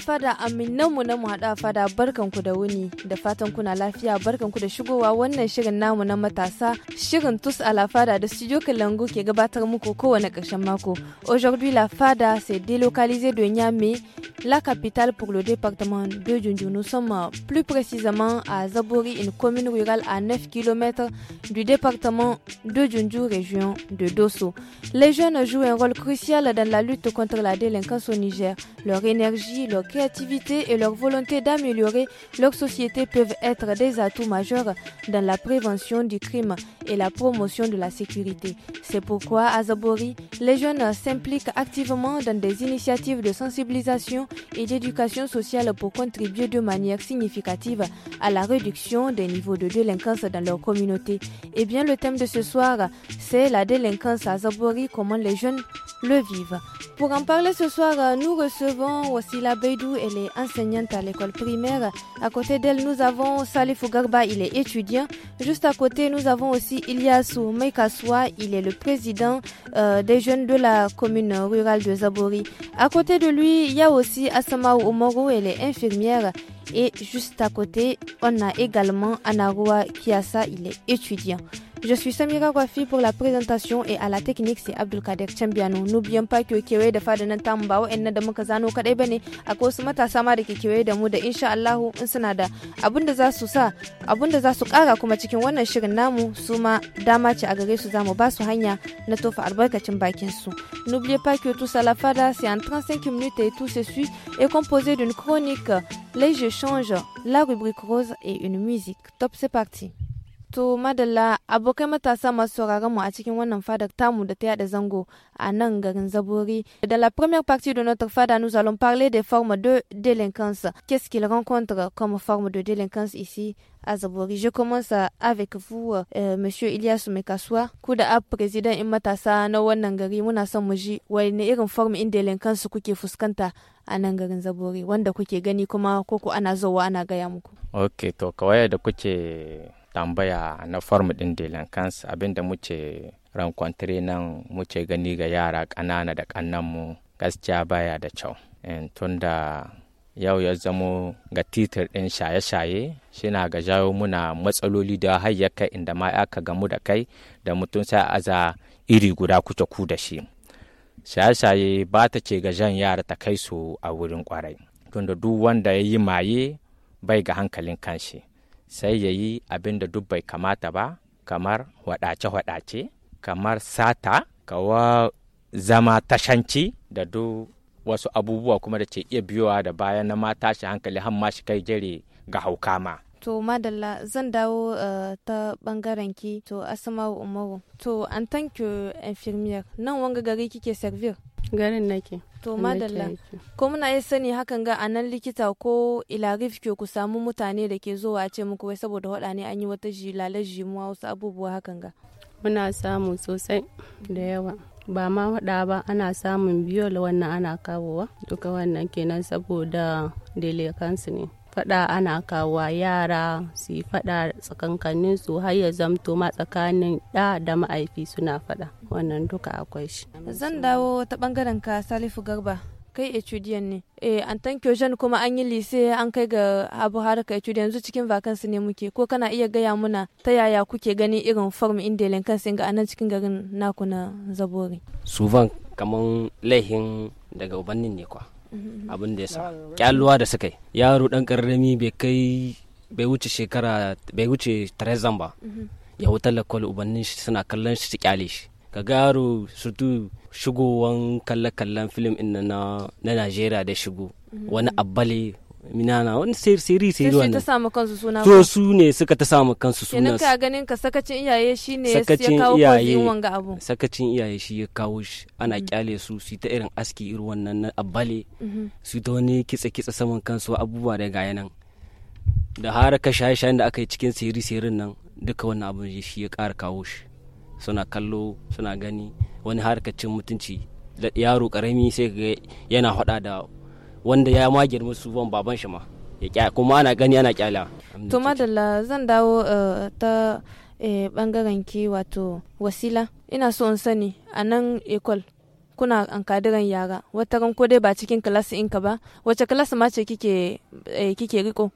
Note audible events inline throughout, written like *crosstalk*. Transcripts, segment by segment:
fada aminanmu na mu haɗa fada barkanku da wuni da fatan kuna lafiya barkanku da shigowa wannan shirin namu na matasa shirin tous à la fada da studio Kalangu ke gabatar muku kowane karshen mako. Aujourd'hui la fada s'est délocalisée de Niamey, la capitale pour le département de Junju. Nous sommes plus précisément à Zabori, une commune rurale à 9 km du département de Junju, région de Dosso. Les jeunes jouent un rôle crucial dans la lutte contre la délinquance au Niger. Leur énergie, leur créativité et leur volonté d'améliorer leur société peuvent être des atouts majeurs dans la prévention du crime et la promotion de la sécurité. C'est pourquoi à Zabori, les jeunes s'impliquent activement dans des initiatives de sensibilisation et d'éducation sociale pour contribuer de manière significative à la réduction des niveaux de délinquance dans leur communauté. Et eh bien le thème de ce soir, c'est la délinquance à Zabori, comment les jeunes le vivent. Pour en parler ce soir, nous recevons aussi l'abeille elle est enseignante à l'école primaire. À côté d'elle, nous avons Salif Garba, il est étudiant. Juste à côté, nous avons aussi Iliasou Mekaswa, il est le président euh, des jeunes de la commune rurale de Zabori. À côté de lui, il y a aussi Asamaou Omoro, elle est infirmière. Et juste à côté, on a également Anaroa Kiasa, il est étudiant. Je suis Samira Wafi pour la présentation et à la technique c'est Abdulkader Chambiano. N'oublions pas que kewaye da fada Tambao et ba wa'annan da muka zano de bane akwai wasu matasa ma da ke kewaye da mu da insha Allah in suna da abun za su sa dama a gare hanya na tofa albarkacin bakin N'oubliez pas que tout ça la fada c'est en 35 minutes et tout ceci est composé d'une chronique les Change la rubrique rose et une musique. Top, c'est parti. To madalla abokai matasa masu sauraron mu a cikin wannan fadar tamu da ta yada zango a nan garin Zaburi. la première partie de notre fada, nous allons parler des formes de délinquance. Qu'est-ce qu'il rencontre comme forme de délinquance ici à Zabori Je commence avec vous, euh, Monsieur Ilyas Mekaswa, kuda a président in matasa na wannan gari muna son mu wani irin form in délinquance kuke fuskanta a nan garin Zaburi wanda kuke gani kuma koko ana zowa ana gaya muku. Ok, to kawai da kuke tambaya na form din delen kansa abinda muke rankwantare nan muke gani ga yara ƙanana da ƙannanmu gaskiya baya da kyau eh, tunda yau ya zamo ga titir ɗin shaye-shaye shina ga jawo muna matsaloli da hayyaka inda ma aka gamu da kai da mutum sai aza iri guda kuce ku da shi shaye-shaye ba ta ce ga jan yara ta kai su a wurin kwarai tunda duk wanda ya yi maye bai ga hankalin kanshi sai ya yi abin da duk bai kamata ba kamar wadace waɗace kamar sata kawa zama tashanci da duk wasu abubuwa kuma da ce iya biyowa da bayan na ma tashi hankali har ma shi kai jere ga hauka ma to madalla zan dawo eh, ta bangaren ki to asma'u umaru to an tanki infirmiyar nan wanga gari kike servir garin nake To madalla, ko muna yi sani hakan ga anan likita ko ilarif ke ku samu mutane da ke zuwa ce muku wai saboda waɗa ne an yi wata jilalar jimuwa wasu abubuwa hakan ga. Muna samu sosai da yawa. Ba ma waɗa ba ana samun biyol wannan ana kawowa duka wannan kenan saboda kansu ne. fada ana kawo yara su yi fada tsakankanin su har ya zamto ma tsakanin da da ma'aifi suna fada wannan duka akwai shi zan dawo ta bangaren ka salifu garba kai etudiyan ne eh an tanke jan kuma an yi lise an kai ga abu har etudiyan yanzu cikin vakansu ne muke ko kana iya gaya muna ta yaya kuke gani irin form inda lankan kansu ga anan cikin garin naku na zabori van kaman laihin daga ubannin ne kwa abin da ya sa kyalluwa da suka yi yaro dan karami bai kai bai wuce shekara bai wuce tarezan ba ya wuta lakwal ubannin shi suna kallon shi su kyale shi ka ga yaro surtu shigowan kalle-kallen film na na najeriya da shigo wani abbali minana wani siri siri wani ta samu kansu suna to su ne suka ta samu kansu suna kenan ka ganin ka sakacin iyaye shi ne ya kawo kwazin wanga abu sakacin iyaye shi ya kawo shi ana mm. kyale su su ta irin aski irin wannan na abale mm-hmm. su ta wani kitse kitse saman kansu abubuwa da gaya nan da har ka shaye shayen da aka yi cikin siri sirin nan duka wannan abu shi ya ƙara kawo shi suna kallo suna gani wani harkacin mutunci yaro karami sai ga yana hada da wanda ya ma girma su ban baban shi ma kuma ana gani ana kyala to madalla zan dawo eh, ta bangaren eh, ki wato wasila ina so in sani a nan ekol kuna an kadiran yara wata ran ko dai ba cikin kilasi in ka ba wace kilasi ma ce kike eh, kike riko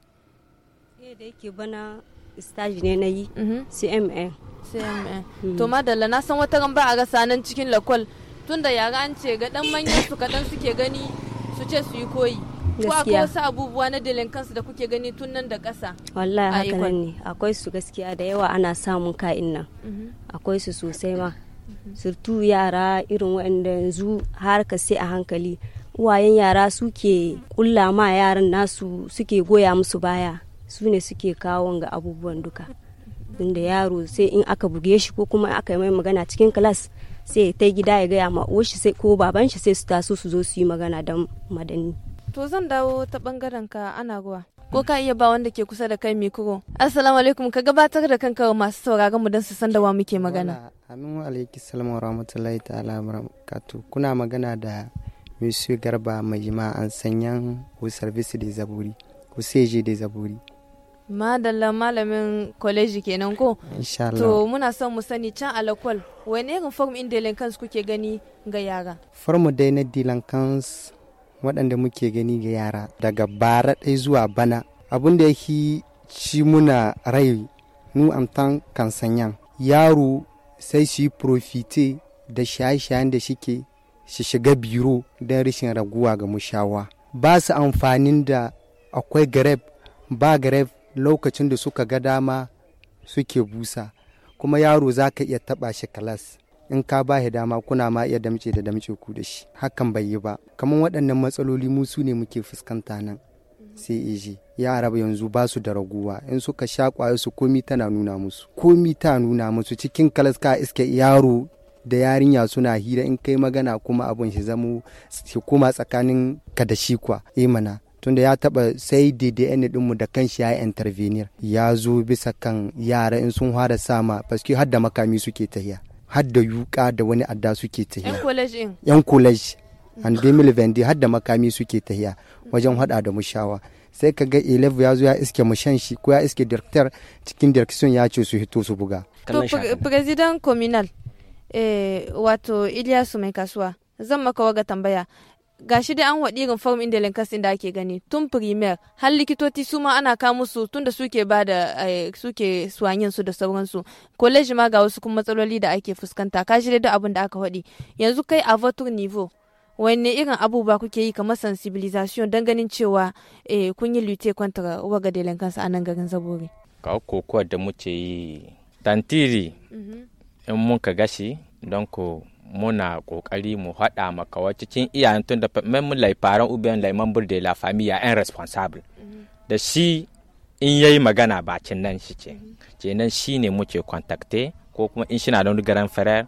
eh da yake bana stage ne na yi cmn mhm. cmn hmm. to madalla na san wata ran ba a rasa nan cikin lakol tunda yara an ce ga dan manyan su kadan suke gani su ce su yi koyi ko ko wasu abubuwa na kansu da kuke gani tun nan da ƙasa wallahi haka ne akwai su gaskiya da yawa ana samun ka'in nan mhm. akwai su sosai ma mhm. surtu yara irin waɗanda yanzu harka sai a hankali uwayen yara suke kulla ma yaran nasu suke goya musu baya su ne suke kawo ga abubuwan duka inda yaro sai in aka buge shi ko kuma aka yi mai magana cikin kilas sai ta gida ya gaya ma uwarshi sai ko baban shi sai su taso su zo su yi magana dan madani to zan dawo ta bangaren ka ana ruwa ko ka iya ba wanda ke kusa da kai mikro assalamu alaikum ka gabatar da kanka masu sauraron mu don su san da wa muke magana amin wa alaiki salamu wa rahmatullahi ta'ala barakatu kuna magana da monsieur garba mai jima an sanyan ku service de zaburi ku seje de zaburi madalla malamin kwaleji kenan ko to muna son mu sani can alakwal wani irin form in kansu kuke gani ga yara formu dai na delinkans waɗanda muke gani ga yara daga bara ɗai zuwa bana abin da yake ci muna rai nu amtan kansanyan yaro sai shi profite da shaye-shayen da shike shi shiga biro don rashin raguwa ga mushawa ba su amfanin da akwai garab ba garab. lokacin da suka ga dama suke busa kuma yaro za ka iya taɓa shi kalas in ka ba shi dama kuna ma iya damce da damce ku da shi hakan bai yi ba kamar waɗannan matsaloli mu su ne muke fuskanta nan sai eji yara yanzu ba su da raguwa in suka sha ƙwayar su komi tana nuna musu komi ta nuna musu cikin kalas ka iske yaro da yarinya suna hira in kai magana kuma abun shi zamu shi koma tsakanin ka da shi kwa imana eh tunda ya taba sai DDN dinmu da kanshi ya intervenir ya zo bisa kan yara in sun fara sama paske har da makami suke tahiya har da yuka da wani adda suke tahiya yan college an vendi har da makami suke tahiya wajen hada da mushawa sai ka ga elev ya zo ya iske mushan shi ko ya iske director cikin direction ya ce su hito su buga to president communal eh, wato Ilyasu mai kasuwa zan maka waga tambaya gashi dai an waɗi irin form inda linkasin da ake gani tun primaire har likitoci su ma ana ka musu tunda suke ba da eh, suke suwanyin su da sauransu college ma ga wasu kuma matsaloli da ake fuskanta shi dai duk abin da aka waɗi yanzu kai a votre niveau wanne irin abubuwa kuke yi kamar sensibilisation don ganin cewa eh, kun yi lute kwantar waga delinkansa a nan garin zabori ka kokowa da muke yi tantiri mhm. in mun ka gashi don ko muna kokari mu à maka wa de iyayen tun da mun laifaran membres de la familia en responsable mhm. da shi in yayi magana bacin nan shi ce si mhm. shi ne muke kontakte ko kuma in shina don garan frère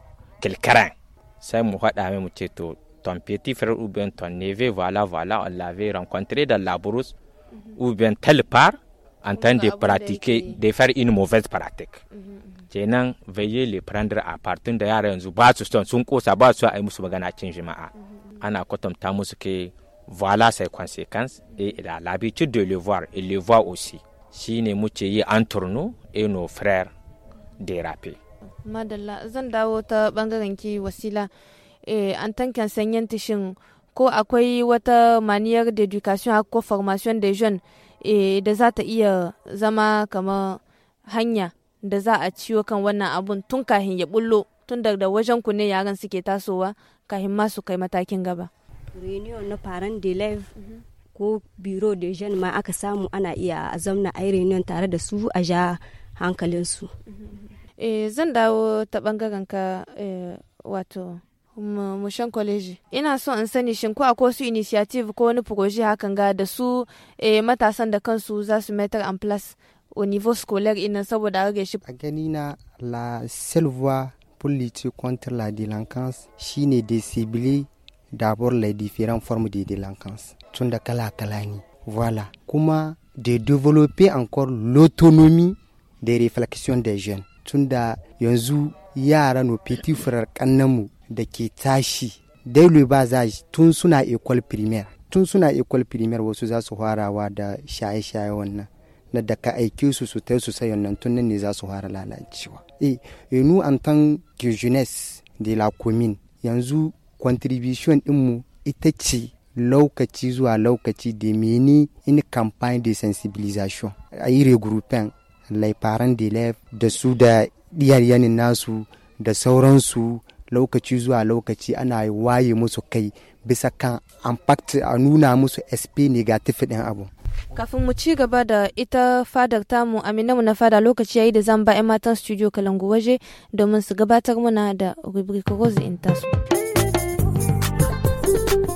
sai mu mai mu ce to ton petit frère ou ton neveu voilà voilà on l'avait rencontré dans la brousse mhm. ou bien part en train de pratiquer, de faire une mauvaise pratique. kenan veille le prendre a partir da yara yanzu ba su son sun kosa ba su a yi musu magana cin jima'a ana kwatanta musu ke voilà ses conséquences et il a l'habitude de le voir il le voit aussi shine muke yi entre nous et nos frères dérapés madalla zan dawo ta bangaren ki wasila an e, tankan sanyen tishin ko akwai wata maniyar d'education ko formation des jeunes e, da za ta iya zama kamar hanya da za a ciwo kan wannan abun tun kahin ya bullo tun daga wajen ku ne yaran suke tasowa kahin ma su kai matakin gaba. Reunion na faran de Live mhm. ko Biro de Jeune ma aka samu ana iya a zamna a reunion tare da su a ja hankalinsu. Mhm. Eh, zan dawo ta bangaren ka eh, wato mushan kwaleji ina so in sani shin ko akwai initiative ko wani proje hakan ga da su eh, matasan da kansu za su metar en place au niveau scolaire ina saboda rage shi a gani na la seule voie pour lutter contre la délinquance shine de cibler d'abord les différentes formes de délinquance tun kala kala ne voilà kuma développer encore l'autonomie des réflexions des jeunes tun da yanzu yara no petit frère kannamu da ke tashi daily ba za tun suna equal premier tun suna equal premier wasu za su farawa da shaye-shaye wannan na da ka aike su su tai su sayan nan tun nan ne za su fara lalacewa eh nu an tan jeunesse de la commune yanzu contribution mu ita ce lokaci zuwa lokaci de mini in campaign de sensibilisation ayi yi regroupin parents da da su da diyar yanin nasu da sauransu lokaci zuwa lokaci ana waye musu kai bisa kan impact a nuna musu sp negative ɗin abu kafin mu ci gaba da ita fadar tamu aminamu na fada lokaci yayi da zan ba 'yan matan studio kalangu waje domin su gabatar muna da rubrikorozi rose tasu.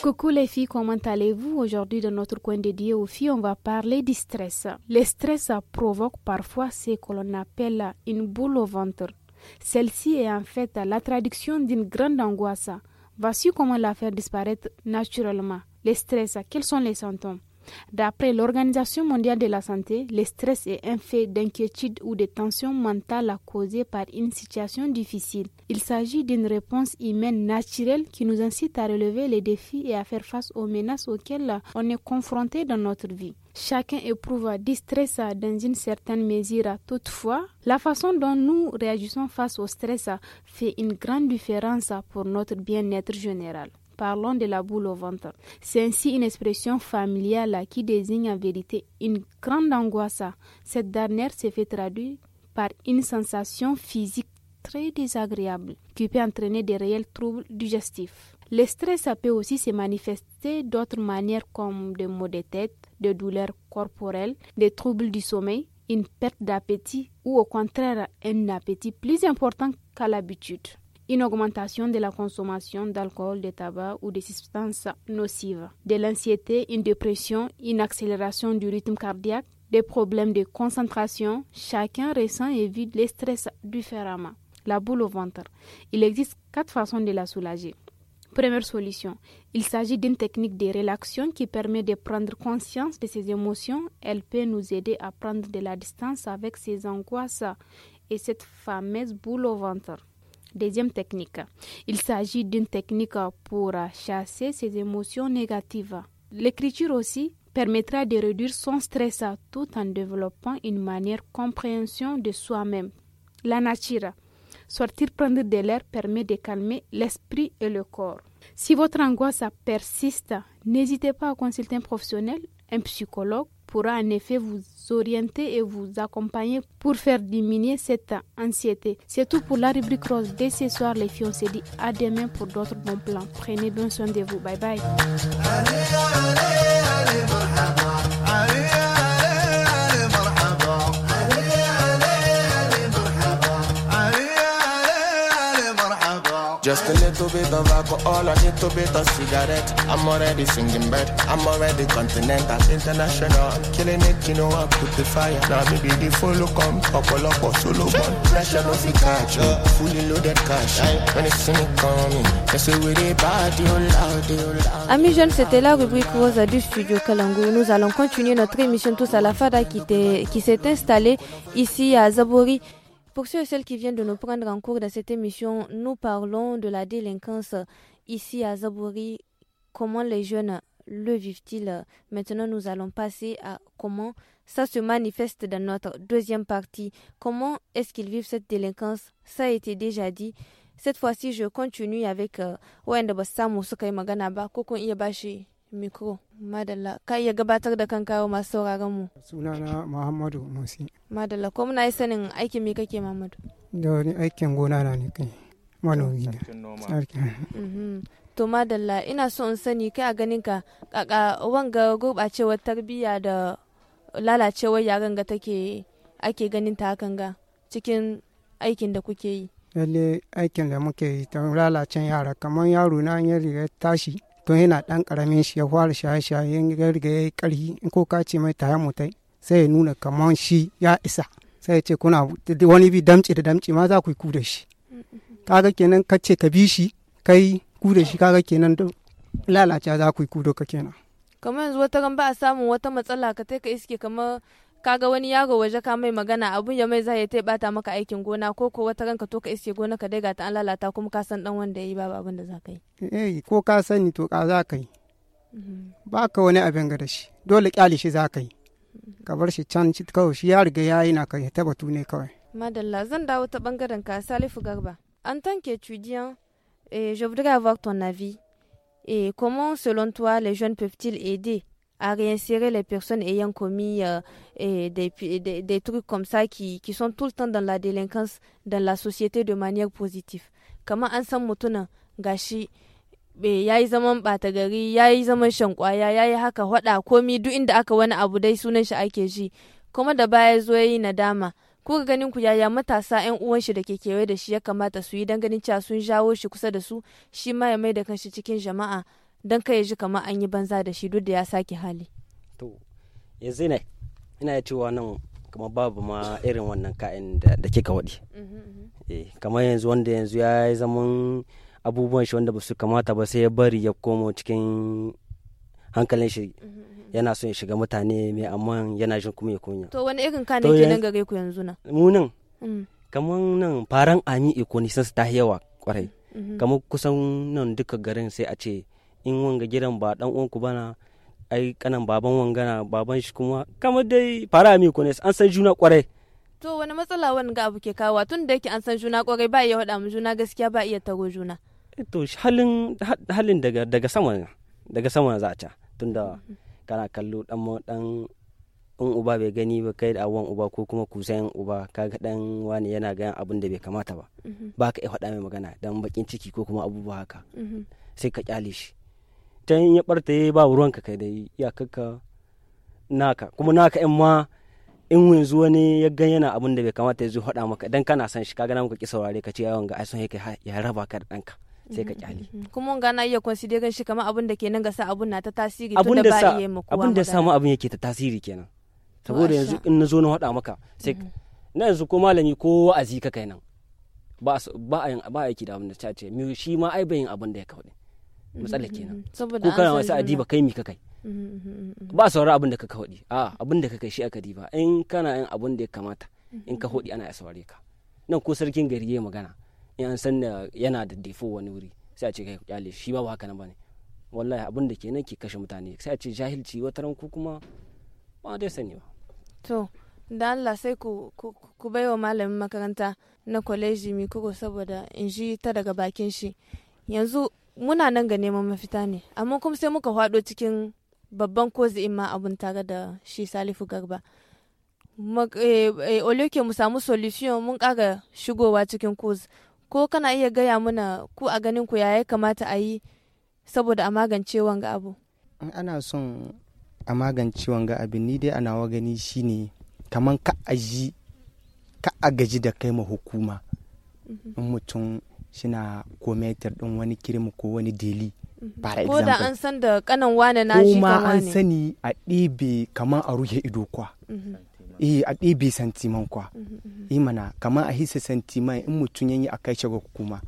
Coucou les filles, comment allez-vous Aujourd'hui, dans notre coin dédié aux filles, on va parler du stress. Le stress provoque parfois ce que l'on appelle une boule au ventre. Celle-ci est en fait la traduction d'une grande angoisse. Voici comment la faire disparaître naturellement. Le stress, quels sont les symptômes D'après l'Organisation mondiale de la santé, le stress est un fait d'inquiétude ou de tension mentale causée par une situation difficile. Il s'agit d'une réponse humaine naturelle qui nous incite à relever les défis et à faire face aux menaces auxquelles on est confronté dans notre vie. Chacun éprouve du stress dans une certaine mesure. Toutefois, la façon dont nous réagissons face au stress fait une grande différence pour notre bien-être général. Parlons de la boule au ventre. C'est ainsi une expression familiale qui désigne en vérité une grande angoisse. Cette dernière se fait traduire par une sensation physique très désagréable qui peut entraîner des réels troubles digestifs. Le stress peut aussi se manifester d'autres manières comme des maux de tête, des douleurs corporelles, des troubles du sommeil, une perte d'appétit ou au contraire un appétit plus important qu'à l'habitude une augmentation de la consommation d'alcool, de tabac ou de substances nocives, de l'anxiété, une dépression, une accélération du rythme cardiaque, des problèmes de concentration. Chacun ressent et vit le stress différemment. La boule au ventre. Il existe quatre façons de la soulager. Première solution, il s'agit d'une technique de relaxation qui permet de prendre conscience de ses émotions. Elle peut nous aider à prendre de la distance avec ses angoisses et cette fameuse boule au ventre. Deuxième technique. Il s'agit d'une technique pour chasser ses émotions négatives. L'écriture aussi permettra de réduire son stress tout en développant une manière compréhension de soi-même. La nature. Sortir prendre de l'air permet de calmer l'esprit et le corps. Si votre angoisse persiste, n'hésitez pas à consulter un professionnel, un psychologue pourra en effet vous orienter et vous accompagner pour faire diminuer cette anxiété. C'est tout pour la rubrique rose dès ce soir, les filles. On se dit à demain pour d'autres bons plans. Prenez bien soin de vous. Bye bye. Just a little bit of alcohol, a little bit of cigarette. I'm already singing bird, I'm already continental, international. killing it, you know I put the fire. Now me be the follow come, couple up or solo one. Pressure no fi catch me, fully loaded cash. When they see me coming, they say we they party all loud, all loud. Amis jeunes, c'était la rubrique Rosa du studio Kalangu. Nous allons continuer notre émission tous à la fada qui, qui s'est installée ici à Zabori. Pour ceux et celles qui viennent de nous prendre en cours dans cette émission, nous parlons de la délinquance ici à Zabouri. Comment les jeunes le vivent-ils Maintenant, nous allons passer à comment ça se manifeste dans notre deuxième partie. Comment est-ce qu'ils vivent cette délinquance Ça a été déjà dit. Cette fois-ci, je continue avec euh, Mikro, madalla, ka iya gabatar da kan kawo masu sauraron mu. Sunana Muhammadu Musi. Madalla, ko muna yi sanin aikin me kake Muhammadu? Da wani aikin gona na ne kai, manomi da. Mhm. To madalla, ina so in sani kai a ganin ka kaka wanga gurɓacewar tarbiyya da lalacewar yaren ga take ake ganin ta hakan ga cikin aikin da kuke yi. Lalle aikin da muke yi ta lalacen yara kamar yaro na yin riga tashi. tun yana ɗan ƙaramin shi ya fara shaye-shaye ya riga ya yi ƙarfi ko ka ce mai taya mutai sai ya nuna kamar shi ya isa sai ya ce kuna wani bi damce da damce ma za ku yi ku da shi kaga kenan ka ce ka bi shi kai ku da shi kaga kenan lalacewa za ku yi ku ka kenan kamar yanzu wata gamba a samun wata matsala ka kai ka iske kamar kaga wani yaro waje ka mai magana abun ya mai zai ta bata maka aikin gona ko ko wata ranka to ka iske gona ka dai ga ta an lalata kuma ka san dan wanda yayi babu abin da za ka yi eh ko ka sani to ka za ka yi mhm. ba ka wani abin ga da shi dole kyale shi za ka yi mhm. ka bar shi can shi kawai shi ya riga ya yi na kai ta batu ne kawai madalla zan dawo ta bangaren ka salifu garba en tant qu'étudiant eh, je voudrais avoir ton avis et eh, comment selon toi les jeunes peuvent-ils aider à réinsérer les personnes ayant commis euh, et des, des, des, trucs comme ça qui, qui sont tout le temps dans la délinquance dans la société de manière positive. Comment an san mutunan gashi ya yayi zaman bata gari ya zaman shan kwaya ya haka hwada komi duk inda aka wani abu dai sunan shi ake ji kuma da baya zo ya yi nadama ga ganin ku yaya matasa 'yan uwan shi da ke kewaye da shi ya kamata su yi dan ganin cewa sun jawo shi kusa da su shi ma ya mai da kanshi cikin jama'a don kai ji kamar an yi banza da shi duk da ya sake hali to yanzu ne ina cewa nan kuma babu ma irin wannan ka'in da kika waɗi mm-hmm, eh, kamar yanzu wanda yanzu ya yi zaman abubuwan shi wanda ba su kamata ba sai ya bari ya komo cikin hankalin shi mm-hmm. yana son ya shiga mutane mai amma yana jin kuma ya kunya to wani irin ka ne kenan gare ku yanzu na mu nan mm. kamar nan faran ami iko nisan su ta yawa kwarai mm-hmm. kamar kusan nan duka garin sai a ce in wanga gidan ba dan uwanku bana ai kanan baban wangana baban shi kuma kamar dai fara mi ku ne an san juna kwarai to wani matsala wani ga abu ke kawo tun da yake an san juna kwarai ba iya hada mu juna gaskiya ba iya tago juna eh to halin halin daga daga sama daga sama za ta tunda mm-hmm. kana kallo dan dan in uba bai gani ba kai da awon uba ko kuma kusan uba kaga dan wani yana gayan abin da bai kamata ba mm-hmm. ba ka iya faɗa mai magana dan bakin ciki ko kuma abubuwa haka mm-hmm. sai ka kyale shi can in ya barta ba ruwanka kai dai iyakarka naka kuma naka in ma in yanzu wani ya gan yana abin da bai kamata ya zo haɗa maka dan kana son shi kaga na muka ki saurare ka ce yawan ga aison yake ya raba ka da ɗanka sai ka kyale mm-hmm. kuma ga na iya considerin shi kamar abin da ke nan ga sa abun na ta tasiri tun da ba iya makuwa abin da samu abin yake ta tasiri kenan saboda yanzu in na zo na haɗa maka sai mm-hmm. na yanzu ko malami ko wa'azi ka kai nan ba a yin ba aiki da abin da ta ce shi ma ai bai yin abin da ya kawo matsalar nan mm-hmm. ko kana wasu diba kai mi ka kai mm-hmm. ba saurari abin da ka hodi a abin da ka kai shi aka diba in kana yin abin da ya kamata in ka mm-hmm. hodi ana ya saurare ka nan ko sarkin gari ya magana in an san yana da defo wani wuri sai a ce kai kyale shi ba haka nan bane wallahi abin da kenan ke kashe mutane sai a ce jahilci wata ran ko kuma ba dai sani ba to da Allah sai ku ku baiwa malamin makaranta na kwaleji mi kuko saboda in ji ta daga bakin shi yanzu muna nan ga neman mafita ne amma kuma sai muka hwado cikin babban kozi ma abun tare da shi salifu garba eh, eh, oloke mu samu solution mun kara shigowa cikin kozi ko kana iya gaya mana ku a ganin ku yaya kamata a yi saboda a magance wanga abu ana son a magance wanga abu ni dai ana wa gani shine kaman ka aji a gaji da kai ma hukuma mhm. in mutum suna kometar ɗin wani kirmi ko wani deli mhm. para example ko da an san da kanan wane na shi kuma an sani a ɗebe kamar a ruhe ido kwa mhm. eh a ɗebe santiman kwa mhm, eh mana kamar a hisa santiman in mutum yayi a kai shago kuma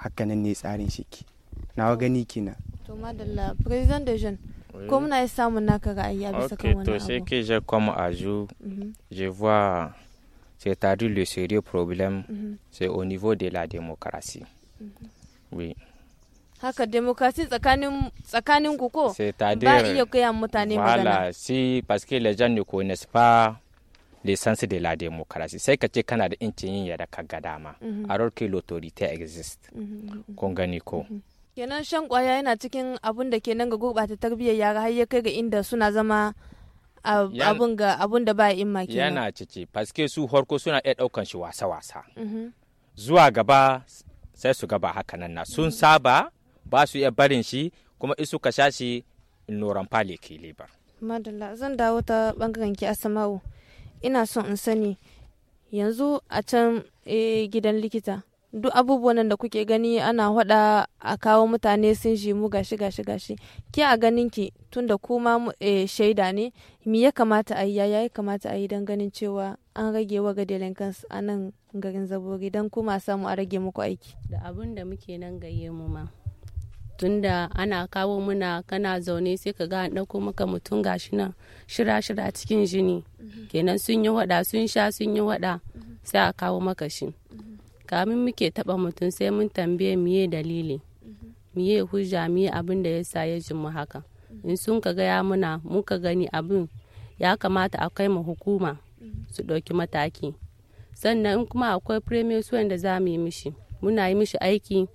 hakanan ne tsarin shi ke nawa gani kina to madalla president de jeune ko muna samun naka ra'ayi a bisa kan abu ok to sai ke je comme a je vois C'est-à-dire le sérieux problème, mhm. c'est au niveau de la démocratie. Mhm. Oui. haka demokrasi tsakanin tsakanin ku ko ba iya koya mutane magana voilà si parce que les gens ne connaissent pas l'essence de la démocratie sai ka ce kana da incin yin yadda ka alors que l'autorité existe kun mhm, ko kenan shan kwaya yana cikin abun da ke nan ga gurɓata tarbiyyar yara har ya kai ga inda suna zama abun da ba imma kenan yana ciki paske su harko suna iya ɗaukan shi wasa-wasa mhm. zuwa gaba sai su gaba haka nan na sun saba ba su iya barin shi kuma isu ka sha shi noran fale ke lebar madalla zan dawo ta bangaren ki asama'u ina son in sani yanzu a can eh, gidan likita duk abubuwan da kuke gani ana hada a kawo mutane sun mu gashi gashi gashi ke a ganin ki tunda kuma e, shaida ne me ya kamata a yi ya ya kamata a yi don ganin cewa an rage wa gadelin kansu a nan garin zabori don kuma samu a rage muku aiki da abun da muke nan gaye mu ma tunda ana kawo muna kana zaune sai ka ga ɗauko maka mutum gashi nan shira shira cikin jini mhm. kenan sun yi wada sun sha sun yi wada mhm. sai a kawo maka shi mhm. kamin muke taba mutum sai mun tambaye miye dalili miye hujja miye abin da ya sa ya ji mu haka in sun ka gaya muna muka gani abin ya kamata a mu hukuma su ɗauki mataki sannan in kuma akwai premier da za mu yi mishi muna yi mishi aiki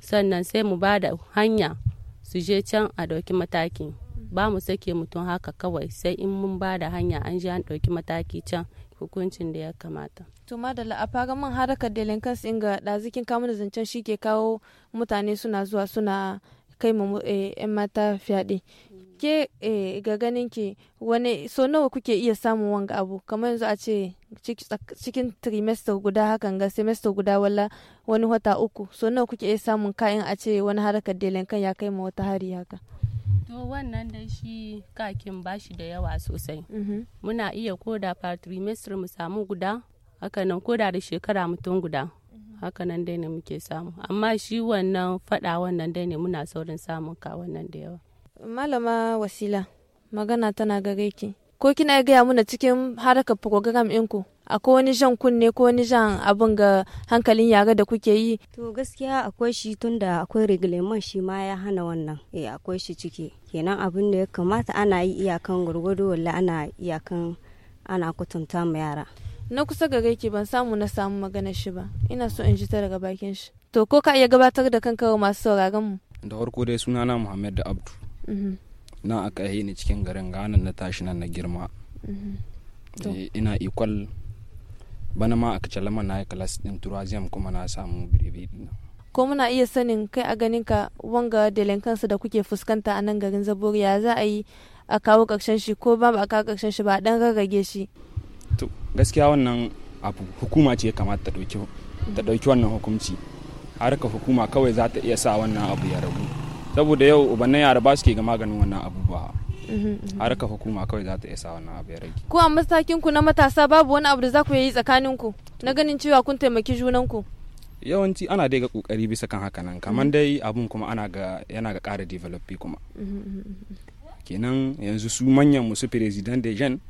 sannan sai mu ba da hanya su je can a ɗauki mataki ba mu sake mutum haka kawai sai in mun ba da hanya an je an ɗauki mataki can hukuncin da ya kamata. To madalla a faga man harakar delinkas ga dazikin kamun zancen shi ke kawo mutane suna zuwa suna kai mu 'yan eh, mata fyaɗe. Ke eh, ga ganin ki wani so nawa kuke iya samun wanga abu kamar yanzu a ce cikin trimester guda hakan ga semester guda wala wani wata uku so nawa kuke iya samun kayan a ce wani harakar delinkan ya kai ma wata hari haka. to wannan dai shi kakin shi da yawa sosai mm-hmm. muna iya koda da trimester mu samu guda hakanan koda da shekara mutum guda mm-hmm. hakanan dai ne muke samu amma shi wannan fada wannan dai ne muna saurin samun ka wannan da yawa malama wasila magana tana gare ki ko kina gaya muna cikin harkar program ɗinku akwai wani jan kunne ko wani jan abin ga hankalin yara da kuke yi to gaskiya akwai shi tunda akwai reglement shi ma ya hana wannan eh akwai shi ciki kenan abin da ya kamata ana yi iyakan gurgudu walla ana iyakan ana kutunta mu yara na kusa ga gaiki ban samu na samu magana shi ba ina so in ji ta daga bakin shi to ko ka iya gabatar da kanka wa masu sauraron mu da farko dai sunana muhammad da abdu mhm. na aka yi ni cikin garin ganan na tashi nan na girma mhm. eh, ina ikwal bana ma a kacalama na yi kalas din turaziyam kuma na samu birebe din ko muna iya sanin kai a ganin ka wanga delinkansu da kuke fuskanta a nan garin zaboriya za a yi a kawo karshen shi ko ba a kawo karshen shi ba a dan rarrage shi to gaskiya wannan abu hukuma ce ya kamata ta ɗauki wannan hukunci harka hukuma kawai za ta iya sa wannan abu ya ragu saboda yau ubannin yara ba su ke ga maganin wannan abu ba Mm-hmm, mm-hmm. raka hukuma kawai za ta isa wannan abu ya rage ko a matakin ku na matasa babu wani abu da za ku yi tsakanin ku na ganin cewa kun taimaki junan ku yawanci ana dai ga kokari bisa kan haka nan kamar mm-hmm. dai abun kuma ana ga yana ga ƙara developi kuma kenan yanzu su manyan musu president de jean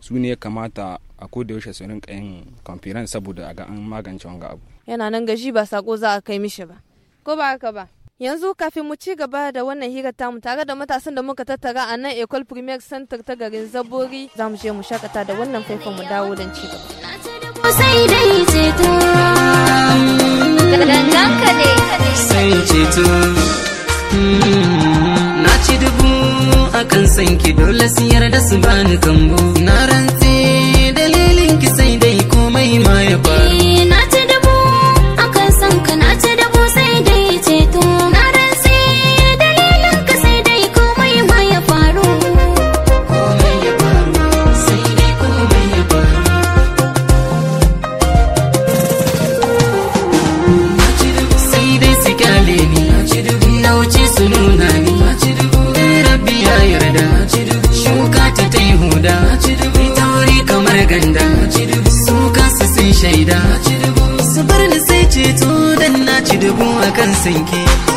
su ne ya kamata a da yaushe su rinka yin conference saboda a ga an magance wanga abu yana nan gaji ba sako za a kai mishi ba ko ba haka ba Yanzu kafin mu ci gaba da wannan hira tamu tare da matasan da muka tattara a nan Ecole Premier Center ta garin Zabori za mu je mu shakata da wannan faifan mu dawo don ci gaba. Na ci dubu akan sanki dole sun yarda su bani kambo. Na rantsi. sinking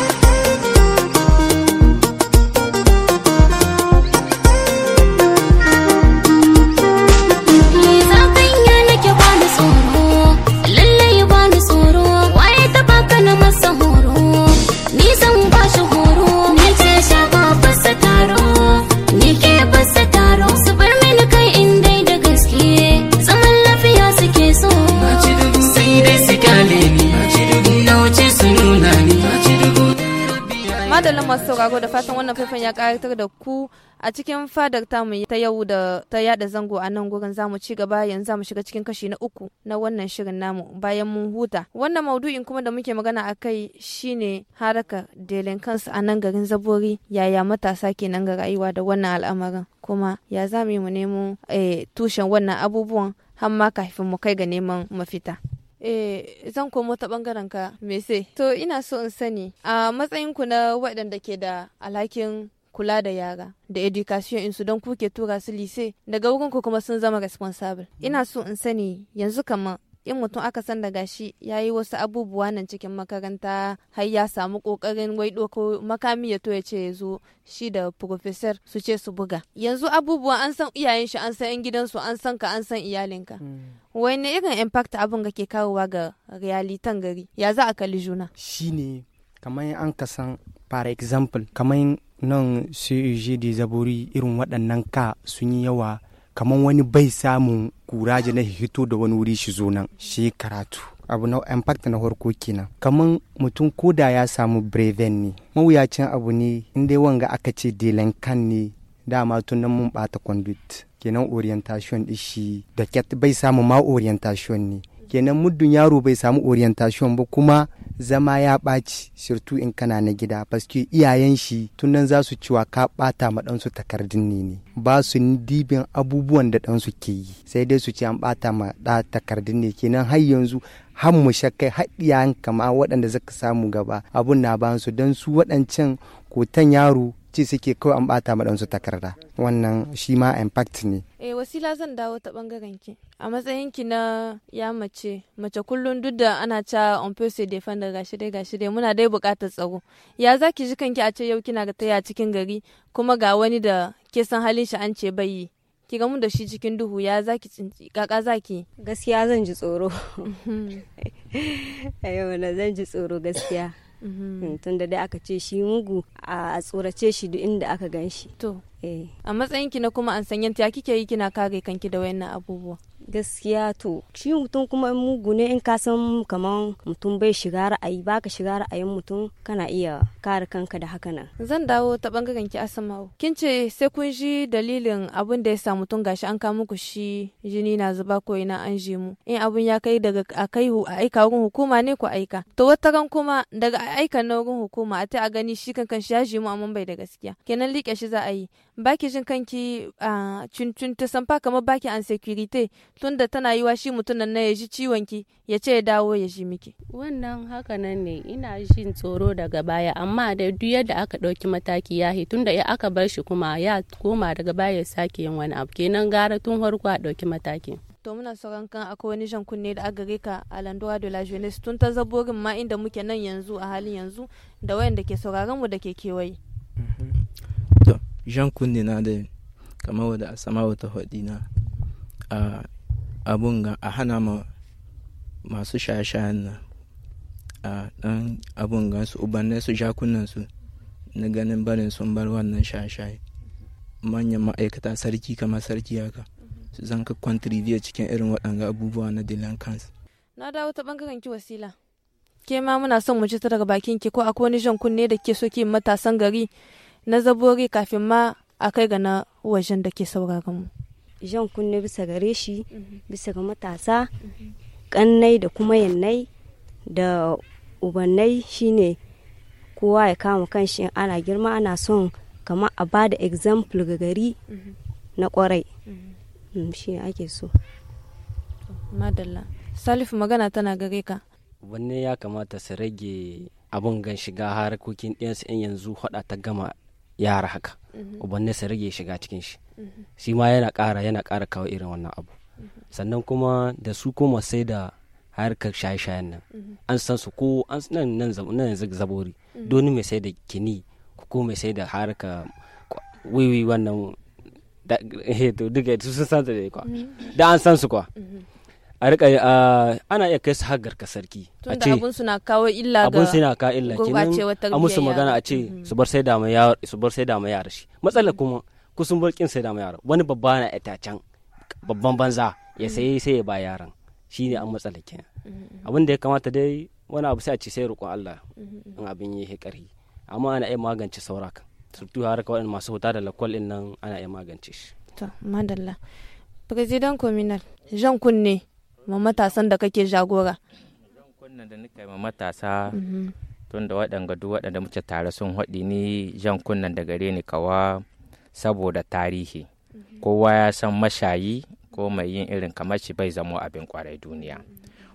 sauraro da fatan wannan faifan ya karatar da ku a cikin fadar tamu ta yau da ta yada zango a nan gurin zamu ci gaba yanzu mu shiga cikin kashi na uku na wannan shirin namu bayan mun huta wannan maudu'in kuma da muke magana a kai shine haraka kansu a nan garin zabori yaya matasa ke nan ga rayuwa da wannan al'amarin kuma ya za mu nemo eh, tushen wannan abubuwan har ma kafin mu kai ga neman mafita. Eh, zan komo ta bangaren ka sai. To ina so in sani a matsayin ku na waɗanda ke da alhakin kula da yara da education insu don kuke tura su lise daga wurinku kuma sun zama responsible. Ina so in sani yanzu kamar in mutum aka san daga shi ya yi wasu abubuwa nan cikin makaranta har ya samu kokarin wai ko makami ya to ya ce ya zo shi da professor su ce su buga yanzu abubuwa an san iyayen shi an san yan gidansu an san ka an san iyalinka mm. wani irin impact abin ga ke kawowa ga realitan gari ya za a kalli juna shine kamar an ka san par example kamar nan su je da zaburi irin waɗannan ka sun yi yawa kamar wani bai samun kuraje na hito da wani wuri shi zo nan shi karatu abu na impact na farko kenan kamar mutum ko da ya samu breven ne mawuyacin abu ne inda wanga aka ce delan kan ne dama tun nan mun bata conduit kenan orientation din shi da bai samu ma orientation ne kenan muddin yaro bai samu orientation ba kuma zama ya ɓaci surtu in kana na gida paske iyayen shi tun nan za su ciwa ka ɓata ma ɗansu takardun ne ne ba su dibin abubuwan da ɗansu ke yi sai dai su ci an ɓata ma ɗa takardun ne kenan har yanzu har mu shakkai iyayen kama waɗanda zaka samu gaba abun na ba su don su waɗancan kotan yaro ce suke ko an bata ma su takarda wannan shi ma impact ne eh wasila zan dawo ta bangaren ki a matsayin ki na ya mace mace kullum duk da ana ca on pese defender gashi dai gashi dai muna dai bukatar tsaro ya zaki ji kanki a ce yau kina ga taya cikin gari kuma ga wani da ke san halin shi an ce bai yi ki gamu da shi cikin duhu ya zaki tsinci kaka zaki gaskiya zan ji tsoro ayo *laughs* *laughs* na zan ji tsoro gaskiya Mm-hmm. Mm, tunda dai aka ce shi mugu a tsorace shi duk inda aka ganshi. shi to eh. a matsayinki na kuma an sanyanta ya kike yi kina kage kanki da wayannan abubuwa gaskiya to shi mutum kuma mugu ne in kasan san kaman mutum bai shiga ra'ayi baka shiga ra'ayin mutum kana iya kare kanka da haka nan zan dawo ta bangaren ki asamau kin ce sai kun ji dalilin abin da ya sa mutum gashi an kawo muku shi jini na zuba ko ina an ji mu in abun ya kai daga a kai a aika wurin hukuma ne ku aika to wata kan kuma daga aika na wurin hukuma a ta a gani shi kankan shi ya ji mu amma bai da gaskiya kenan like shi za a yi baki jin kanki a ah, cun ta samfa kamar baki an security tunda tana yi wa shi mutumin na ya ji ciwon ki ya ce ya dawo ya ji miki wannan haka nan ne ina jin tsoro daga baya amma da duk yadda aka ɗauki mataki ya hi tunda ya aka bar shi kuma ya koma daga baya ya sake yin wani abu kenan gara tun farko a ɗauki mataki to muna sauran kan akwai wani jan kunne da aka a landuwa de la jeunesse tun ta zaborin ma inda muke nan yanzu a halin yanzu da wayanda ke sauraron mu da ke kewaye mhm. to jan kunne na da kamar wadda a sama wata hodi na abun ga a hana ma masu shaye-shayen nan a ɗan abun ga su ubanne su jakunan su na ganin barin sun bar wannan shaye-shaye manyan ma'aikata sarki kamar sarki haka su zan ka contribute cikin irin waɗanga abubuwa na dilan kans na dawo ta ɓangaren ki wasila ke ma muna son mu ci ta daga bakin ki ko akwai wani jan kunne da ke so ki matasan gari na zabori kafin ma a kai ga na wajen da ke sauraron mu jan kunne bisa gare shi mhm. bisa ga matasa kannai da kuma yannai da ubannai shine kowa ya kama kanshi ana girma ana son kama a ba da example ga gari mhm. na kwarai mhm. mm, shi ake so madalla salif magana tana gare ka wanne ya kamata su rage abin gan shiga harkokin ɗiyansu in yanzu haɗa ta gama yara haka Mhm. ubanne sa rage shiga cikin shi mhm. shi ma yana kara yana kara kawo irin wannan abu mhm. sannan kuma da su kuma sai da harkar shaye-shayen nan an san su ko an nan nan nan zabori doni mai sai da kini ko mai sai da harka wiwi wannan da *laughs* eh, duka su san da kwa da an san su kwa a rika ana iya kai su hagar ka sarki a ce abun suna kawo illa ga abun suna kawo illa kenan a musu magana a ce mm-hmm. su bar sai da ma su bar sai da ma yaro shi matsalar kuma kusun bar sai da ma wani babba na ita can babban banza ya mm-hmm. sai sai ya ba shi ne an matsala kenan mm-hmm. abin da ya kamata dai wani abu sai a ce sai roƙon Allah in abin yi hikari amma ana iya magance sauraka surtu har kawai masu huta da lakwal din nan ana iya magance shi to madalla president communal jean kunne ma matasan da kake jagora kunnan da nika ma matasa mhm. tun da waɗanga duk waɗanda muke tare sun haɗi ni jan kunnan da gare ni kawa saboda tarihi mhm. kowa ya san mashayi ko mai yin irin kamar shi bai zamo abin kwarai duniya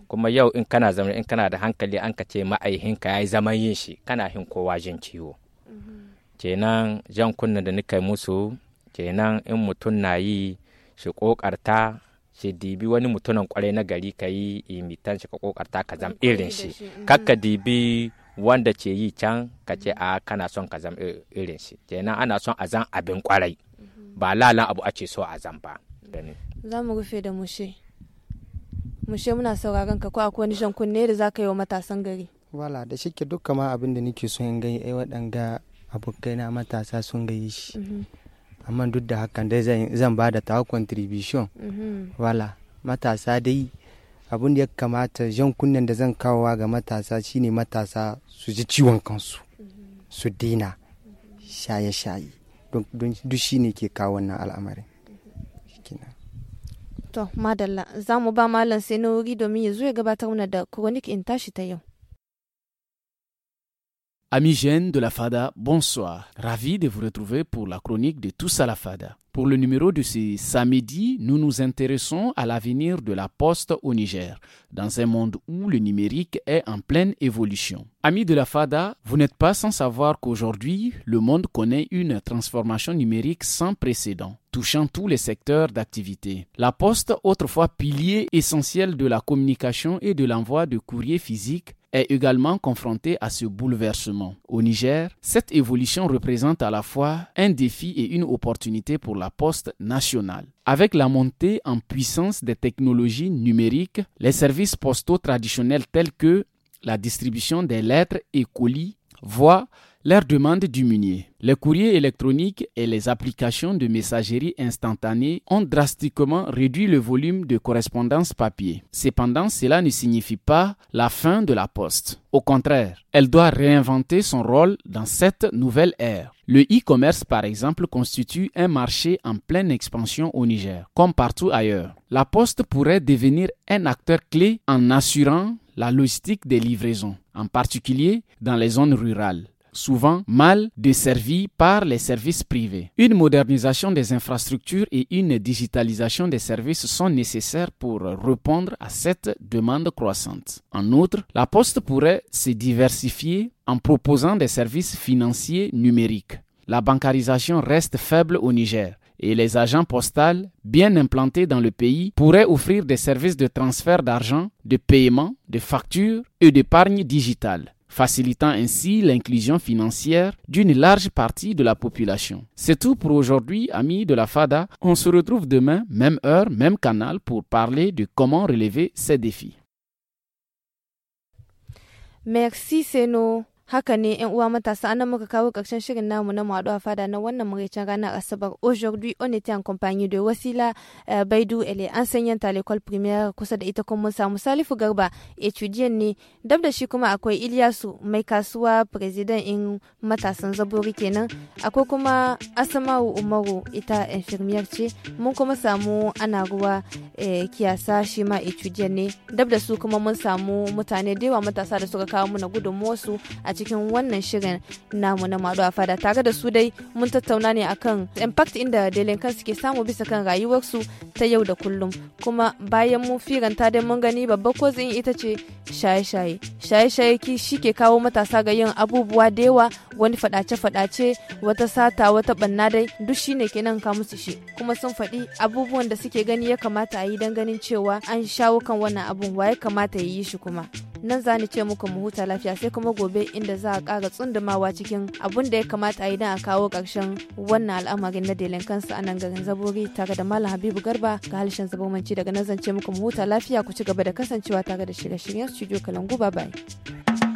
kuma yau in kana zama in kana da hankali an ka ce ma'aihinka ya yi zaman yin shi kana hin kowa jin ciwo mhm. kenan jan kunnan da nika musu kenan in mutum na yi shi ƙoƙarta shi dibi wani mutumin kwarai na gari ka yi imitan shi ka kokarta ka zam irin shi mm. kakka dibi wanda ce yi can ka ce a ah, kana son ka zam irin shi kenan ana son a zan abin kwarai mm-hmm. ba lalan abu a ce so a zan ba za mu rufe da mushe mushe muna sauraron ka ko akwai wani shan kunne da za ka yi wa matasan gari wala da shike duk kama abin da nake so in gani ai waɗanga abokaina matasa sun gayi shi mm-hmm. amma duk da hakan dai zan ba da ta contribution mhm. wala matasa dai abin da ya kamata jan kunnen da zan kawowa ga matasa shine matasa su ji ciwon kansu mhm. su dina shaye-shaye duk shine ke kawo wannan al'amarin mhm. to madalla za mu ba malam sai na wuri domin ya zo ya gabatar mana da chronic in tashi ta yau Amis de la FADA, bonsoir. Ravi de vous retrouver pour la chronique de Tous à la FADA. Pour le numéro de ce samedi, nous nous intéressons à l'avenir de la poste au Niger, dans un monde où le numérique est en pleine évolution. Amis de la FADA, vous n'êtes pas sans savoir qu'aujourd'hui, le monde connaît une transformation numérique sans précédent, touchant tous les secteurs d'activité. La poste, autrefois pilier essentiel de la communication et de l'envoi de courriers physiques, est également confronté à ce bouleversement. Au Niger, cette évolution représente à la fois un défi et une opportunité pour la poste nationale. Avec la montée en puissance des technologies numériques, les services postaux traditionnels tels que la distribution des lettres et colis voient L'air demande munier. Les courriers électroniques et les applications de messagerie instantanée ont drastiquement réduit le volume de correspondance papier. Cependant, cela ne signifie pas la fin de la poste. Au contraire, elle doit réinventer son rôle dans cette nouvelle ère. Le e-commerce, par exemple, constitue un marché en pleine expansion au Niger, comme partout ailleurs. La poste pourrait devenir un acteur clé en assurant la logistique des livraisons, en particulier dans les zones rurales souvent mal desservis par les services privés. Une modernisation des infrastructures et une digitalisation des services sont nécessaires pour répondre à cette demande croissante. En outre, la Poste pourrait se diversifier en proposant des services financiers numériques. La bancarisation reste faible au Niger et les agents postaux bien implantés dans le pays pourraient offrir des services de transfert d'argent, de paiement, de factures et d'épargne digitale facilitant ainsi l'inclusion financière d'une large partie de la population. C'est tout pour aujourd'hui, amis de la FADA. On se retrouve demain, même heure, même canal, pour parler de comment relever ces défis. Merci Seno. Haka ne yan uwa matasa anan muka kawo karshen shirin namu na mu a fada na wannan maraicin ranar Asabar. Aujourd'hui on était en compagnie de Wasila eh, Baidu elle an sanyan à l'école primaire kusa da ita kuma mun samu Salifu Garba étudiant ne dab da shi kuma akwai iliyasu mai kasuwa president in matasan zaburi kenan akwai kuma Asma'u Umaru ita infirmiyar ce mun kuma samu ana ruwa eh, kiyasa shi ma ne dab da su kuma mun samu mutane da yawa matasa da suka kawo mana su a cikin wannan shirin namu na maɗu fada tare da su dai mun tattauna ne akan impact inda delinkan suke samu bisa kan rayuwarsu ta yau da kullum kuma bayan mun firanta dai mun gani babbar kotsin ita ce shaye-shaye shaye-shaye ki shi ke kawo matasa ga yin abubuwa da yawa wani fadace-fadace wata sata wata banna dai duk shine kenan ka musu shi kuma sun faɗi abubuwan da suke gani ya kamata a yi don ganin cewa an shawo kan wannan abun wa ya kamata ya yi shi kuma nan za ni ce muku mu huta lafiya sai kuma gobe inda da za a ƙara tsundumawa cikin abun da ya kamata a yi don a kawo ƙarshen wannan al'amarin na kansa a nan garin zabori tare da malam habibu garba ga harshen zabomanci daga nazance muku mu huta lafiya ku ci gaba da kasancewa tare da shirye-shiryen studio kalangu bye bye